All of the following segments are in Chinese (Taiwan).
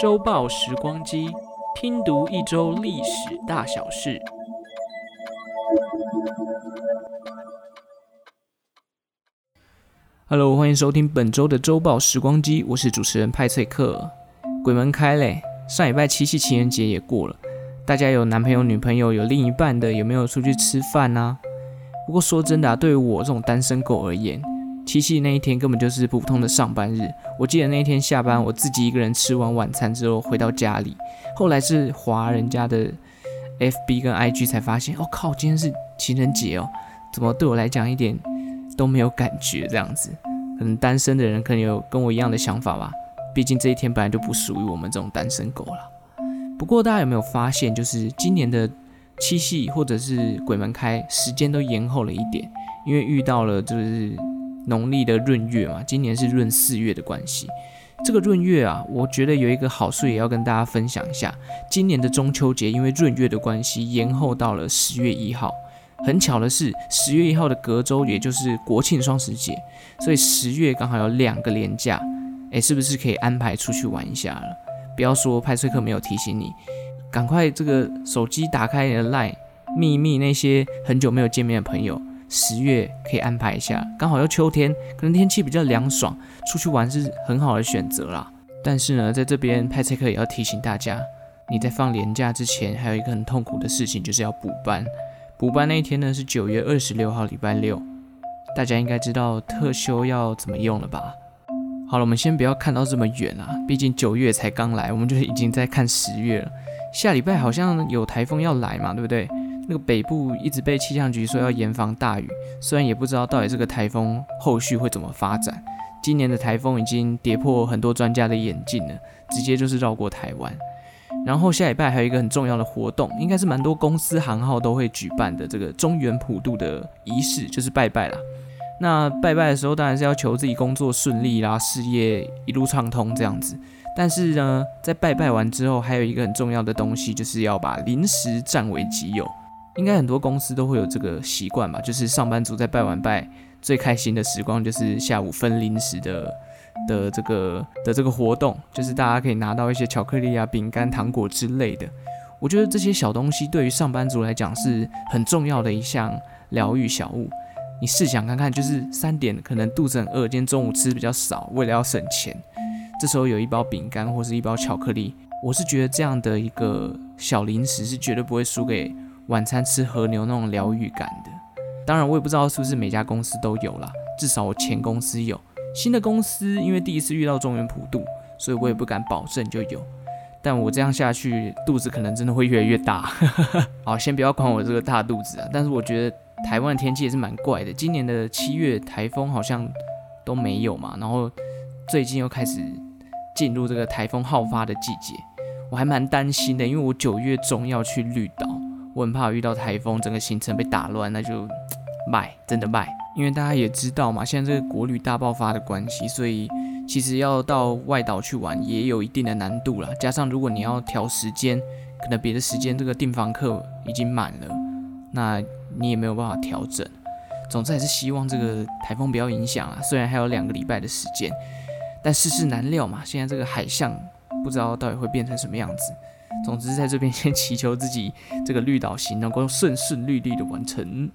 週報時光機，拼讀一周歷史大小事。Hello，歡迎收聽本周的週報時光機，我是主持人派翠克。鬼門開嘞，上禮拜七夕情人節也過了，大家有男朋友、女朋友、有另一半的，有沒有出去吃飯啊？不過說真的啊，對於我這種單身狗而言，七夕那一天根本就是普通的上班日。我記得那天下班，我自己一個人吃完晚餐之後回到家裡，後來是滑人家的 F B 跟 I G 才發現，哦，我靠，今天是情人節哦！怎麼對我來講一點都沒有感覺？這樣子，可能單身的人可能有跟我一樣的想法吧。畢竟這一天本來就不屬於我們這種單身狗了。不過大家有沒有發現，就是今年的七夕或者是鬼門開時間都延後了一點，因為遇到了就是。農曆的閏月嘛，今年是閏四月的關係。這個閏月啊，我覺得有一個好處也要跟大家分享一下。今年的中秋節因為閏月的關係延後到了十月一號。很巧的是，十月一號的隔周也就是國慶雙十節，所以十月剛好有兩個連假。哎、欸，是不是可以安排出去玩一下了？不要說派翠克沒有提醒你，趕快這個手機打開你的 Line，秘密那些很久沒有見面的朋友。十月可以安排一下，剛好要秋天，可能天氣比較涼爽，出去玩是很好的選擇啦。但是呢，在這邊派翠克也要提醒大家，你在放年假之前，還有一個很痛苦的事情，就是要補班。補班那一天呢，是九月二十六號，禮拜六。大家應該知道特休要怎麼用了吧？好了，我們先不要看到這麼遠啊，畢竟九月才剛來，我們就是已經在看十月了。下禮拜好像有台風要來嘛，對不對？那個北部一直被氣象局說要嚴防大雨，雖然也不知道到底這個颱風後續會怎麼發展。今年的颱風已經跌破很多專家的眼鏡了，直接就是繞過台灣。然後下禮拜還有一個很重要的活動，應該是蠻多公司行號都會舉辦的，這個中元普渡的儀式就是拜拜啦。那拜拜的時候當然是要求自己工作順利啦，事業一路暢通這樣子。但是呢，在拜拜完之後，還有一個很重要的東西，就是要把零食佔為己有。應該很多公司都會有這個習慣吧，就是上班族在拜完拜最開心的時光就是下午分零食的的這個的這個活動，就是大家可以拿到一些巧克力啊、餅乾、糖果之類的。我覺得這些小東西對於上班族來講是很重要的一項療癒小物。你試想看看，就是三點可能肚子很餓，今天中午吃比較少，為了要省錢，這時候有一包餅乾或是一包巧克力，我是覺得這樣的一個小零食是絕對不會輸給。晚餐吃和牛那種療癒感的。當然我也不知道是不是每家公司都有啦，至少我前公司有，新的公司因為第一次遇到中原普渡，所以我也不敢保證就有。但我這樣下去，肚子可能真的會越來越大。好，先不要管我這個大肚子啊！但是我覺得台灣的天氣也是蠻怪的，今年的七月台風好像都沒有嘛，然後最近又開始進入這個台風好發的季節，我還蠻擔心的，因為我九月中要去綠島。我很怕遇到颱風，整個行程被打亂，那就賣真的賣。因為大家也知道嘛，現在這個國旅大爆發的關係，所以其實要到外島去玩也有一定的難度了。加上如果你要調時間，可能別的時間這個訂房客已經滿了，那你也沒有辦法調整。總之還是希望這個颱風不要影響啊。雖然還有兩個禮拜的時間，但世事難料嘛，現在這個海象不知道到底會變成什麼樣子。總之，在這邊先祈求自己這個綠島行能夠順順利利的完成。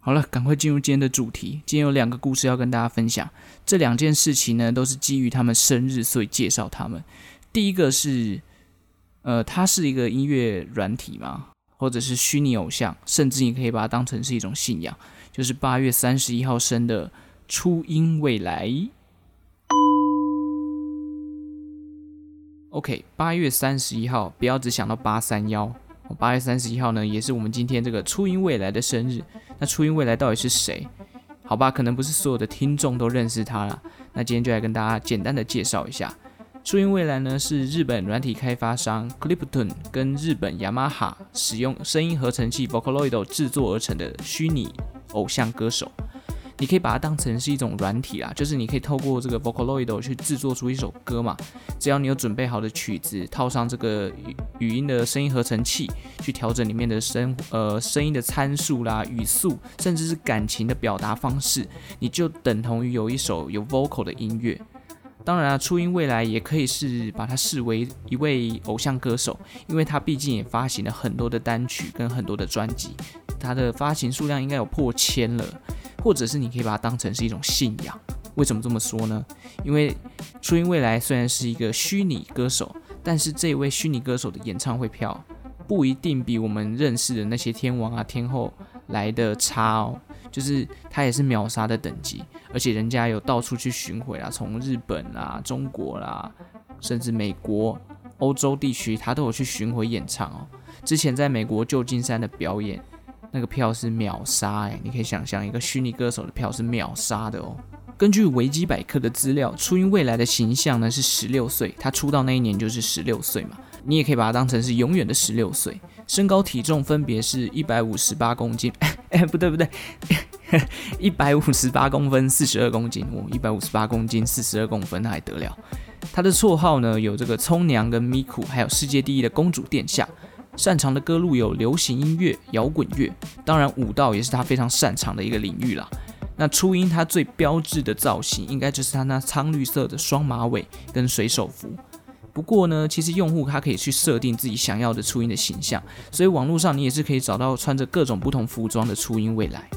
好了，趕快進入今天的主題。今天有兩個故事要跟大家分享。這兩件事情呢，都是基於他們生日，所以介紹他們。第一個是，呃，它是一個音樂軟體嘛，或者是虛擬偶像，甚至你可以把它當成是一種信仰。就是八月三十一號生的初音未來。OK，八月三十一號，不要只想到八三幺。8八月三十一號呢，也是我們今天這個初音未來的生日。那初音未來到底是誰？好吧，可能不是所有的聽眾都認識他了。那今天就來跟大家簡單的介紹一下，初音未來呢是日本軟體開發商 Clipton 跟日本雅馬哈使用聲音合成器 Vocaloid 制作而成的虛擬偶像歌手。你可以把它當成是一種軟體啦，就是你可以透過這個 Vocaloid 去制作出一首歌嘛。只要你有準備好的曲子，套上這個語音的聲音合成器，去調整裡面的聲呃聲音的參數啦、語速，甚至是感情的表達方式，你就等同於有一首有 vocal 的音樂。當然啦，初音未來也可以是把它視為一位偶像歌手，因為他畢竟也發行了很多的單曲跟很多的專輯，它的發行數量應該有破千了。或者是你可以把它當成是一種信仰，為什麼這麼說呢？因為初音未來雖然是一個虛擬歌手，但是這一位虛擬歌手的演唱會票不一定比我們認識的那些天王啊、天後來得差哦，就是他也是秒殺的等級，而且人家有到處去巡回啊，從日本啊、中國啦、啊，甚至美國、歐洲地區，他都有去巡回演唱哦。之前在美國舊金山的表演。那個票是秒殺誒、欸，你可以想象一個虛擬歌手的票是秒殺的哦、喔。根據維基百科的資料，初音未來的形象呢是十六歲，他出道那一年就是十六歲嘛，你也可以把它當成是永遠的十六歲。身高體重分別是一百五十八公斤，誒、欸欸、不對不對，一百五十八公分，四十二公斤。哦，一百五十八公斤，四十二公分，那還得了？他的綽號呢有這個蔥娘跟米庫，還有世界第一的公主殿下。擅長的歌路有流行音樂、搖滾樂，當然舞蹈也是他非常擅長的一個領域啦。那初音它最標誌的造型，應該就是它那蒼綠色的雙馬尾跟水手服。不過呢，其實用戶他可以去設定自己想要的初音的形象，所以網絡上你也是可以找到穿着各種不同服裝的初音未來。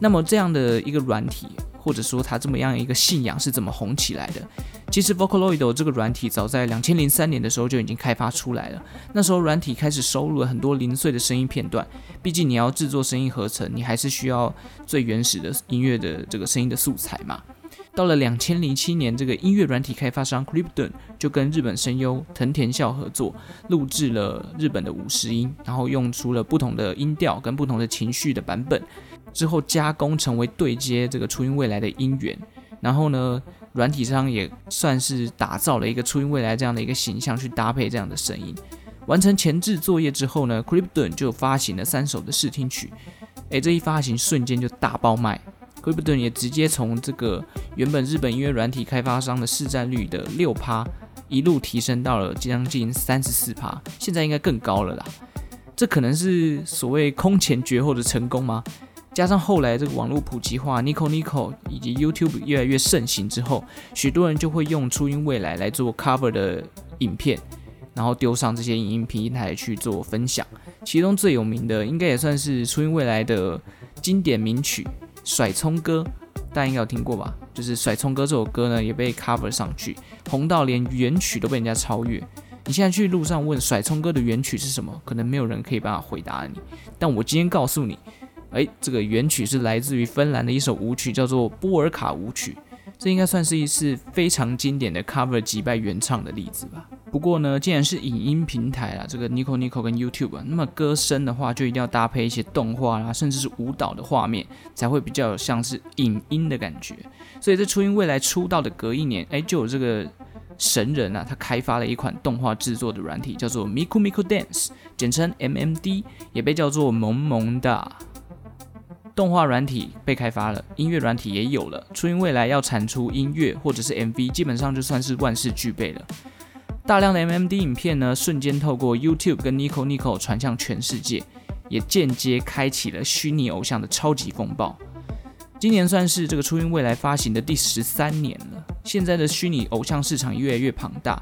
那麼這樣的一個軟體，或者說他這麼樣一個信仰是怎麼紅起來的？其實 Vocaloid 這個軟體早在兩千零三年的時候就已經開發出來了。那時候軟體開始收錄了很多零碎的聲音片段，畢竟你要製作聲音合成，你還是需要最原始的音樂的這個聲音的素材嘛。到了兩千零七年，這個音樂軟體開發商 Crypton 就跟日本聲優藤田咲合作，錄製了日本的五十音，然後用出了不同的音調跟不同的情緒的版本，之後加工成為對接這個初音未來的音源。然後呢，軟體商也算是打造了一個初音未來這樣的一個形象去搭配這樣的聲音，完成前置作業之後呢，Crypton 就發行了三首的試聽曲，誒，這一發行瞬間就大爆賣，Crypton 也直接從這個原本日本音樂軟體開發商的市佔率的六趴，一路提升到了將近三十四趴，現在應該更高了啦，這可能是所謂空前絕後的成功嗎？加上後來這個網絡普及化，Nico Nico 以及 YouTube 越來越盛行之後，許多人就會用初音未來來做 cover 的影片，然後丟上這些影音平台去做分享。其中最有名的，應該也算是初音未來的經典名曲《甩蔥歌》，大家應該有聽過吧？就是《甩蔥歌》這首歌呢，也被 cover 上去，紅到連原曲都被人家超越。你現在去路上問《甩蔥歌》的原曲是什麼，可能沒有人可以辦法回答你。但我今天告訴你。誒，這個原曲是來自於芬蘭的一首舞曲，叫做波爾卡舞曲。這應該算是一次非常經典的 cover 擊敗原唱的例子吧？不過呢，既然是影音平台啦，這個 Nico Nico 跟 YouTube 啊，那麼歌聲的話就一定要搭配一些動畫啦，甚至是舞蹈的畫面，才會比較像是影音的感覺。所以，在初音未來出道的隔一年，誒，就有這個神人啊，他開發了一款動畫製作的軟體，叫做 Miku Miku Dance，簡稱 MMD，也被叫做萌萌噠。動畫軟體被開發了，音樂軟體也有了。初音未來要產出音樂或者是 MV，基本上就算是萬事俱備了。大量的 MMD 影片呢，瞬間透過 YouTube 跟 Nico Nico 傳向全世界，也間接開啟了虛擬偶像的超級風暴。今年算是這個初音未來發行的第十三年了。現在的虛擬偶像市場越來越龐大。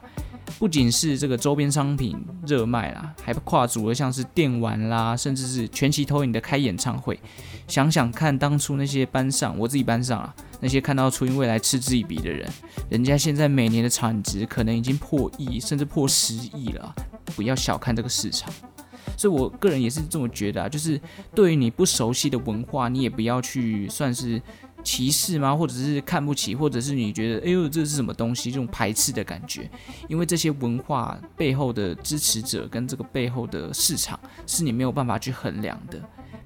不僅是這個周邊商品熱賣啦，還跨足了像是電玩啦，甚至是全息投影的開演唱會。想想看，當初那些班上，我自己班上啊，那些看到初音未來嗤之以鼻的人，人家現在每年的產值可能已經破億，甚至破十億了。不要小看這個市場，所以我個人也是這麼覺得啊，就是對於你不熟悉的文化，你也不要去算是。歧視嗎？或者是看不起，或者是你覺得，哎呦，這是什麼東西？這種排斥的感覺，因為這些文化背後的支持者跟這個背後的市場是你沒有辦法去衡量的。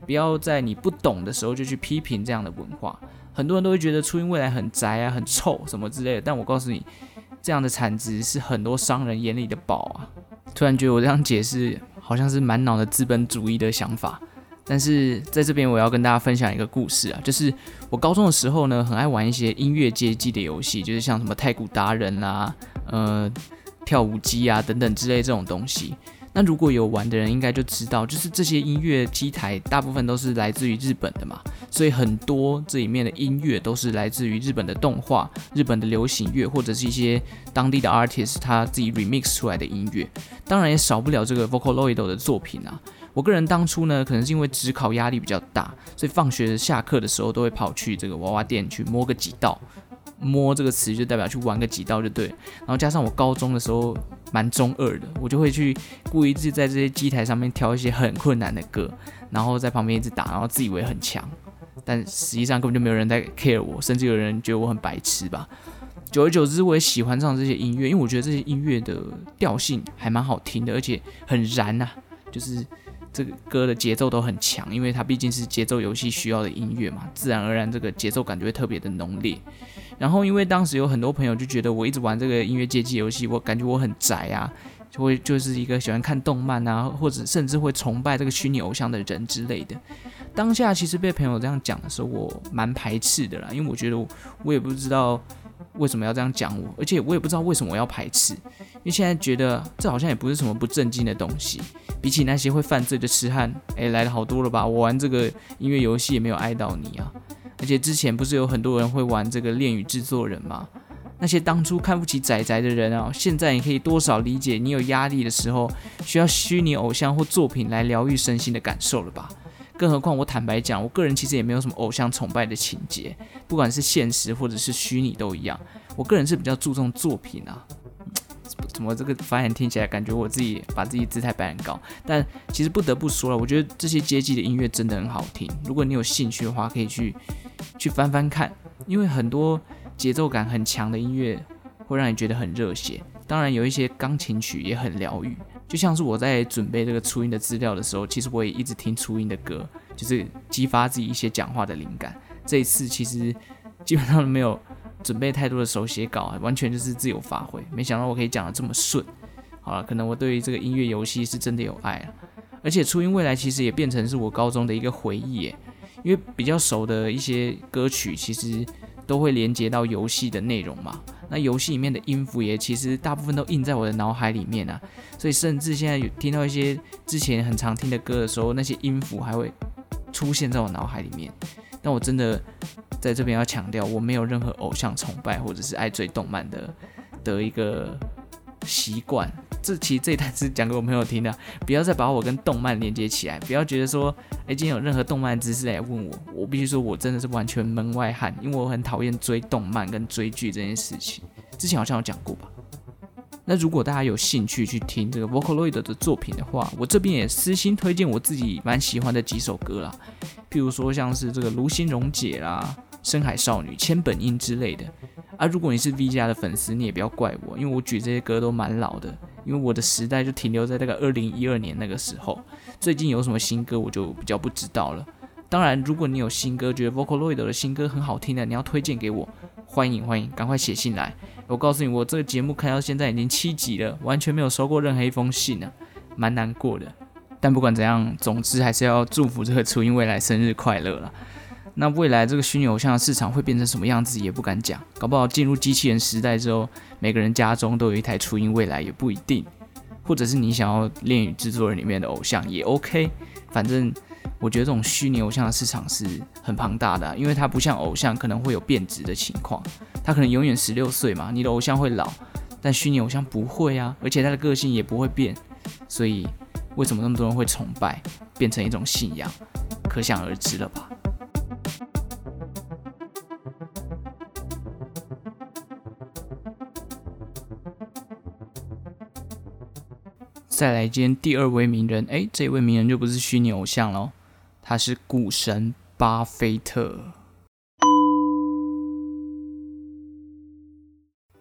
不要在你不懂的時候就去批評這樣的文化。很多人都會覺得初音未來很宅啊，很臭什麼之類的。但我告訴你，這樣的產值是很多商人眼裡的寶啊。突然覺得我這樣解釋，好像是滿腦的資本主義的想法。但是在這邊，我要跟大家分享一個故事啊，就是我高中的時候呢，很愛玩一些音樂街機的遊戲，就是像什麼太鼓達人啊、呃跳舞機啊等等之類這種東西。那如果有玩的人，應該就知道，就是這些音樂機台大部分都是來自於日本的嘛，所以很多這裡面的音樂都是來自於日本的動畫、日本的流行樂，或者是一些當地的 artist 他自己 remix 出來的音樂，當然也少不了這個 Vocaloid 的作品啊。我個人當初呢，可能是因為指考壓力比較大，所以放學下課的時候都會跑去這個娃娃店去摸個幾道。摸這個詞就代表去玩個幾道就對。然後加上我高中的時候蠻中二的，我就會去故意在這些機台上面挑一些很困難的歌，然後在旁邊一直打，然後自以為很強，但實際上根本就沒有人在 care 我，甚至有人覺得我很白痴吧。久而久之，我也喜歡上這些音樂，因為我覺得這些音樂的調性還蠻好聽的，而且很燃吶、啊，就是。這個歌的節奏都很強，因為它畢竟是節奏遊戲需要的音樂嘛，自然而然這個節奏感覺會特別的濃烈。然後因為當時有很多朋友就覺得我一直玩這個音樂街機遊戲，我感覺我很宅啊，就會就是一個喜歡看動漫啊，或者甚至會崇拜這個虛擬偶像的人之類的。當下其實被朋友這樣講的時候，我蠻排斥的啦，因為我覺得我也不知道。為什麼要這樣講我？而且我也不知道為什麼我要排斥，因為現在覺得這好像也不是什麼不正經的東西，比起那些會犯罪的痴漢，哎，來的好多了吧？我玩這個音樂遊戲也沒有礙到你啊，而且之前不是有很多人會玩這個戀與製作人嗎？那些當初看不起宅宅的人啊，現在你可以多少理解你有壓力的時候需要虛擬偶像或作品來療癒身心的感受了吧？更何況，我坦白講，我個人其實也沒有什麼偶像崇拜的情節，不管是現實或者是虛擬都一樣。我個人是比較注重作品啊。嗯，怎麼這個發言聽起來感覺我自己把自己姿態擺很高？但其實不得不說了，我覺得這些階級的音樂真的很好聽。如果你有興趣的話，可以去去翻翻看，因為很多節奏感很強的音樂會讓你覺得很熱血。當然，有一些鋼琴曲也很療癒。就像是我在準備這個初音的資料的時候，其實我也一直聽初音的歌，就是激發自己一些講話的靈感。這一次其實基本上沒有準備太多的手寫稿，完全就是自由發揮。沒想到我可以講得這麼順。好了，可能我對於這個音樂遊戲是真的有愛了。而且初音未來其實也變成是我高中的一個回憶耶，因為比較熟的一些歌曲，其實都會連接到遊戲的內容嘛。那遊戲裡面的音符也其實大部分都印在我的腦海裡面啊，所以甚至現在有聽到一些之前很常聽的歌的時候，那些音符還會出現在我腦海裡面。但我真的在這邊要強調，我沒有任何偶像崇拜或者是愛追動漫的的一個習慣。這期這一段是講給我朋友聽的，不要再把我跟動漫連接起來，不要覺得說，哎，今天有任何動漫知識來問我，我必須說我真的是完全門外漢，因為我很討厭追動漫跟追劇這件事情。之前好像有講過吧？那如果大家有興趣去聽這個 Vocaloid 的作品的話，我這邊也私心推薦我自己蠻喜歡的幾首歌啦，譬如說像是這個《爐心溶解》啦，《深海少女》千本櫻之類的。啊，如果你是 V 家的粉絲，你也不要怪我，因為我舉這些歌都蠻老的。因為我的時代就停留在大概二零一二年那個時候，最近有什麼新歌我就比較不知道了。當然，如果你有新歌，覺得 Vocaloid 的新歌很好聽的，你要推薦給我，歡迎歡迎，趕快寫信來。我告訴你，我這個節目開到現在已經七集了，完全沒有收過任何一封信呢、啊，蠻難過的。但不管怎樣，總之還是要祝福這個初音未來生日快樂了。那未來這個虛擬偶像的市場會變成什麼樣子，也不敢講。搞不好進入機器人時代之後，每個人家中都有一台初音未來也不一定。或者是你想要戀與製作人裡面的偶像也 OK。反正我覺得這種虛擬偶像的市場是很龐大的，因為它不像偶像可能會有貶值的情況，它可能永遠十六歲嘛，你的偶像會老，但虛擬偶像不會啊，而且它的個性也不會變。所以為什麼那麼多人會崇拜，變成一種信仰，可想而知了吧？再來，今天第二位名人，哎，這位名人就不是虛擬偶像嘍，他是股神巴菲特。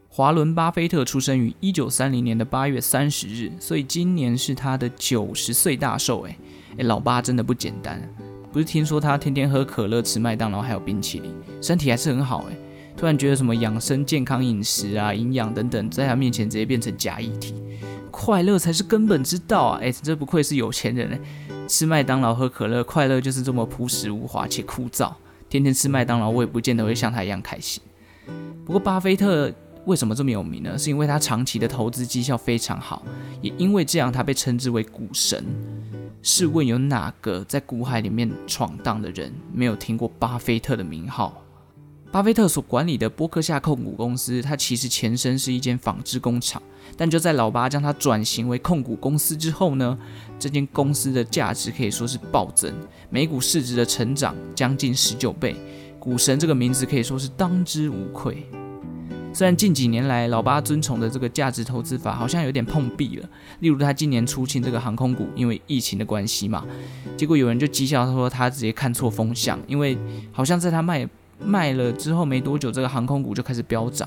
華倫巴菲特出生於一九三零年的八月三十日，所以今年是他的九十歲大壽誒。哎，老爸真的不簡單，不是聽說他天天喝可樂、吃麥當勞然後還有冰淇淋，身體還是很好。哎，突然覺得什麼養生、健康飲食啊、營養等等，在他面前直接變成假議題。快樂才是根本之道啊！哎、欸，這不愧是有錢人，吃麥當勞喝可樂，快樂就是這麼樸實無華且枯燥。天天吃麥當勞，我也不見得會像他一樣開心。不過，巴菲特為什麼這麼有名呢？是因為他長期的投資績效非常好，也因為這樣，他被稱之為股神。試問，有哪個在股海裡面闖蕩的人沒有聽過巴菲特的名號？巴菲特所管理的波克夏控股公司，它其實前身是一間紡織工廠。但就在老巴將它轉型為控股公司之後呢，這間公司的價值可以說是暴增，每股市值的成長將近十九倍。股神這個名字可以說是當之無愧。雖然近幾年來，老巴遵從的這個價值投資法好像有點碰壁了。例如，他今年出清這個航空股，因為疫情的關係嘛，結果有人就譏笑他說，他直接看錯風向，因為好像在他賣。賣了之後沒多久，這個航空股就開始飆漲。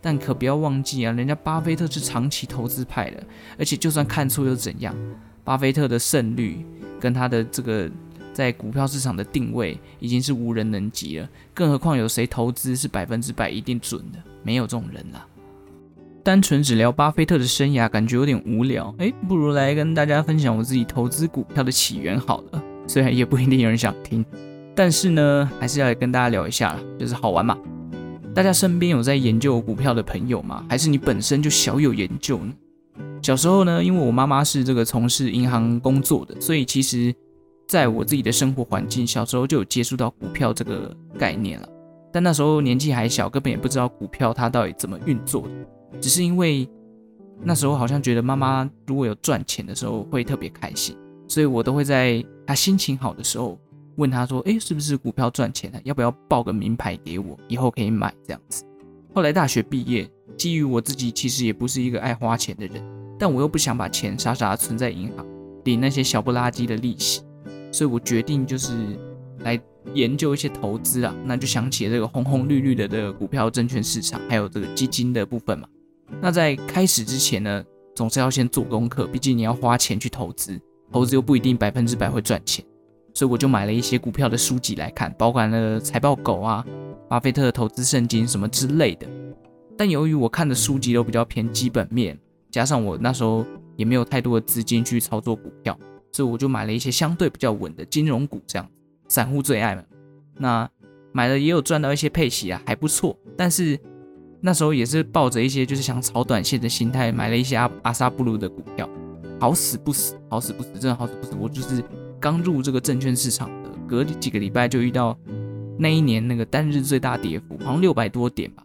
但可不要忘記啊，人家巴菲特是長期投資派的，而且就算看錯又怎樣？巴菲特的勝率跟他的這個在股票市場的定位已經是無人能及了。更何況有誰投資是百分之百一定準的？沒有這種人啦、啊。單純只聊巴菲特的生涯，感覺有點無聊。誒，不如來跟大家分享我自己投資股票的起源好了。雖然也不一定有人想聽。但是呢，還是要來跟大家聊一下啦，就是好玩嘛。大家身邊有在研究股票的朋友嗎？還是你本身就小有研究呢？小時候呢，因為我媽媽是這個從事銀行工作的，所以其實在我自己的生活環境，小時候就有接觸到股票這個概念了。但那時候年紀還小，根本也不知道股票它到底怎麼運作的，只是因為那時候好像覺得媽媽如果有賺錢的時候會特別開心，所以我都會在她心情好的時候。問他說：“哎，是不是股票賺錢了？要不要報個明牌給我，以後可以買這樣子？”後來大學畢業，基於我自己其實也不是一個愛花錢的人，但我又不想把錢傻傻存在銀行領那些小不拉幾的利息，所以我決定就是來研究一些投資啊。那就想起了這個紅紅綠綠的這個股票證券市場，還有這個基金的部分嘛。那在開始之前呢，總是要先做功課，畢竟你要花錢去投資，投資又不一定百分之百會賺錢。所以我就買了一些股票的書籍來看，包括了財報狗啊、巴菲特的投資聖經什麼之類的。但由於我看的書籍都比較偏基本面，加上我那時候也沒有太多的資金去操作股票，所以我就買了一些相對比較穩的金融股，這樣散戶最愛嘛。那買了也有賺到一些配息啊，還不錯。但是那時候也是抱着一些就是想炒短線的心態，買了一些阿阿薩布魯的股票，好死不死，好死不死，真的好死不死，我就是。剛入這個證券市場的，隔幾個禮拜就遇到那一年那個單日最大跌幅，好像六百多點吧。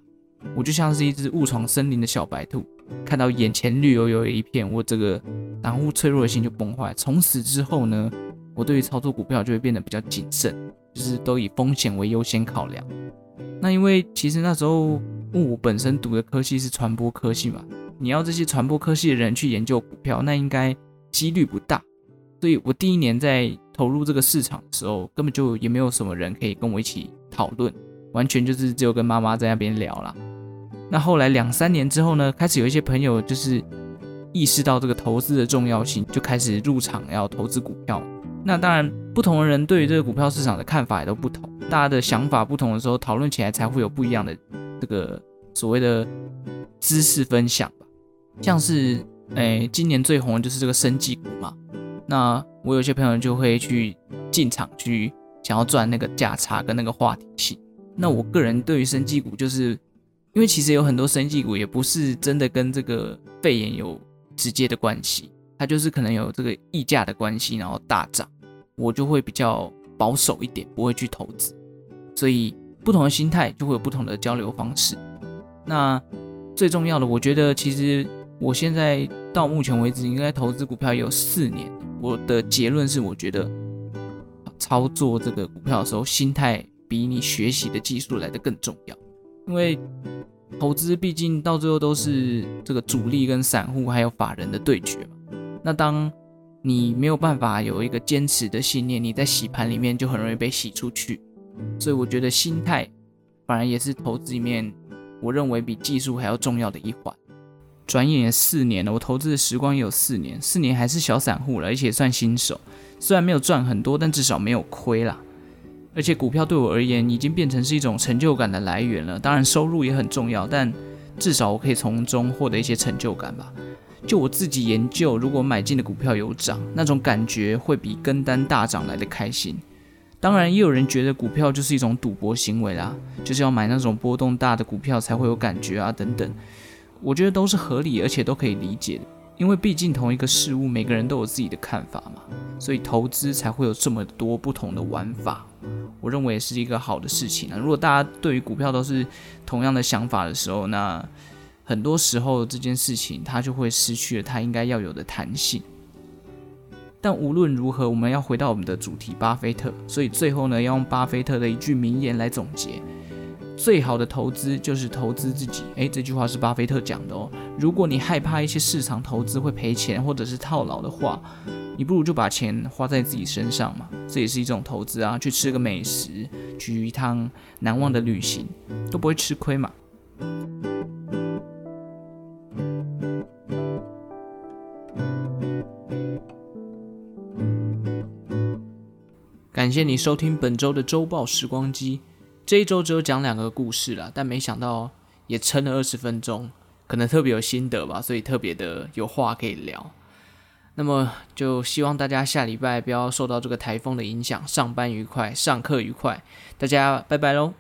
我就像是一隻誤闖森林的小白兔，看到眼前綠油油的一片，我這個擋烏脆弱的心就崩壞。從此之後呢，我對於操作股票就會變得比較謹慎，就是都以風險為優先考量。那因為其實那時候我本身讀的科系是傳播科系嘛，你要這些傳播科系的人去研究股票，那應該機率不大。所以我第一年在投入這個市場的時候，根本就也沒有什麼人可以跟我一起討論，完全就是只有跟媽媽在那邊聊啦。那後來兩三年之後呢，開始有一些朋友就是意識到這個投資的重要性，就開始入場要投資股票。那當然，不同的人對於這個股票市場的看法也都不同，大家的想法不同的時候，討論起來才會有不一樣的這個所謂的知識分享吧。像是誒，今年最紅的就是這個生技股嘛。那我有些朋友就會去進場去想要賺那個價差跟那個話題性。那我個人對於生技股，就是因為其實有很多生技股也不是真的跟這個肺炎有直接的關係，它就是可能有這個溢價的關係，然後大漲。我就會比較保守一點，不會去投資。所以不同的心態就會有不同的交流方式。那最重要的，我覺得其實我現在到目前為止應該投資股票也有四年了。我的結論是，我覺得操作這個股票的時候，心態比你學習的技術來得更重要。因為投資畢竟到最後都是這個主力跟散戶還有法人的對決嘛。那當你沒有辦法有一個堅持的信念，你在洗盤裡面就很容易被洗出去。所以我覺得心態反而也是投資裡面，我認為比技術還要重要的一環。轉眼也四年了，我投資的時光也有四年，四年還是小散戶了，而且也算新手。雖然沒有賺很多，但至少沒有虧啦。而且股票對我而言已經變成是一種成就感的來源了。當然收入也很重要，但至少我可以從中獲得一些成就感吧。就我自己研究，如果買進的股票有漲，那種感覺會比跟單大漲來得開心。當然，也有人覺得股票就是一種賭博行為啦，就是要買那種波動大的股票才會有感覺啊，等等。我覺得都是合理，而且都可以理解的，因為畢竟同一個事物，每個人都有自己的看法嘛，所以投資才會有這麼多不同的玩法。我認為也是一個好的事情呢、啊。如果大家對於股票都是同樣的想法的時候，那很多時候這件事情它就會失去了它應該要有的彈性。但無論如何，我們要回到我們的主題——巴菲特。所以最後呢，要用巴菲特的一句名言來總結。最好的投資就是投資自己。誒，這句話是巴菲特講的哦。如果你害怕一些市場投資會賠錢或者是套牢的話，你不如就把錢花在自己身上嘛。這也是一種投資啊，去吃個美食，去一趟難忘的旅行，都不會吃虧嘛。感謝你收聽本周的周報時光機。這一周只有講兩個故事了，但沒想到也撐了二十分鐘，可能特別有心得吧，所以特別的有話可以聊。那麼就希望大家下禮拜不要受到這個颱風的影響，上班愉快，上課愉快，大家拜拜嘍。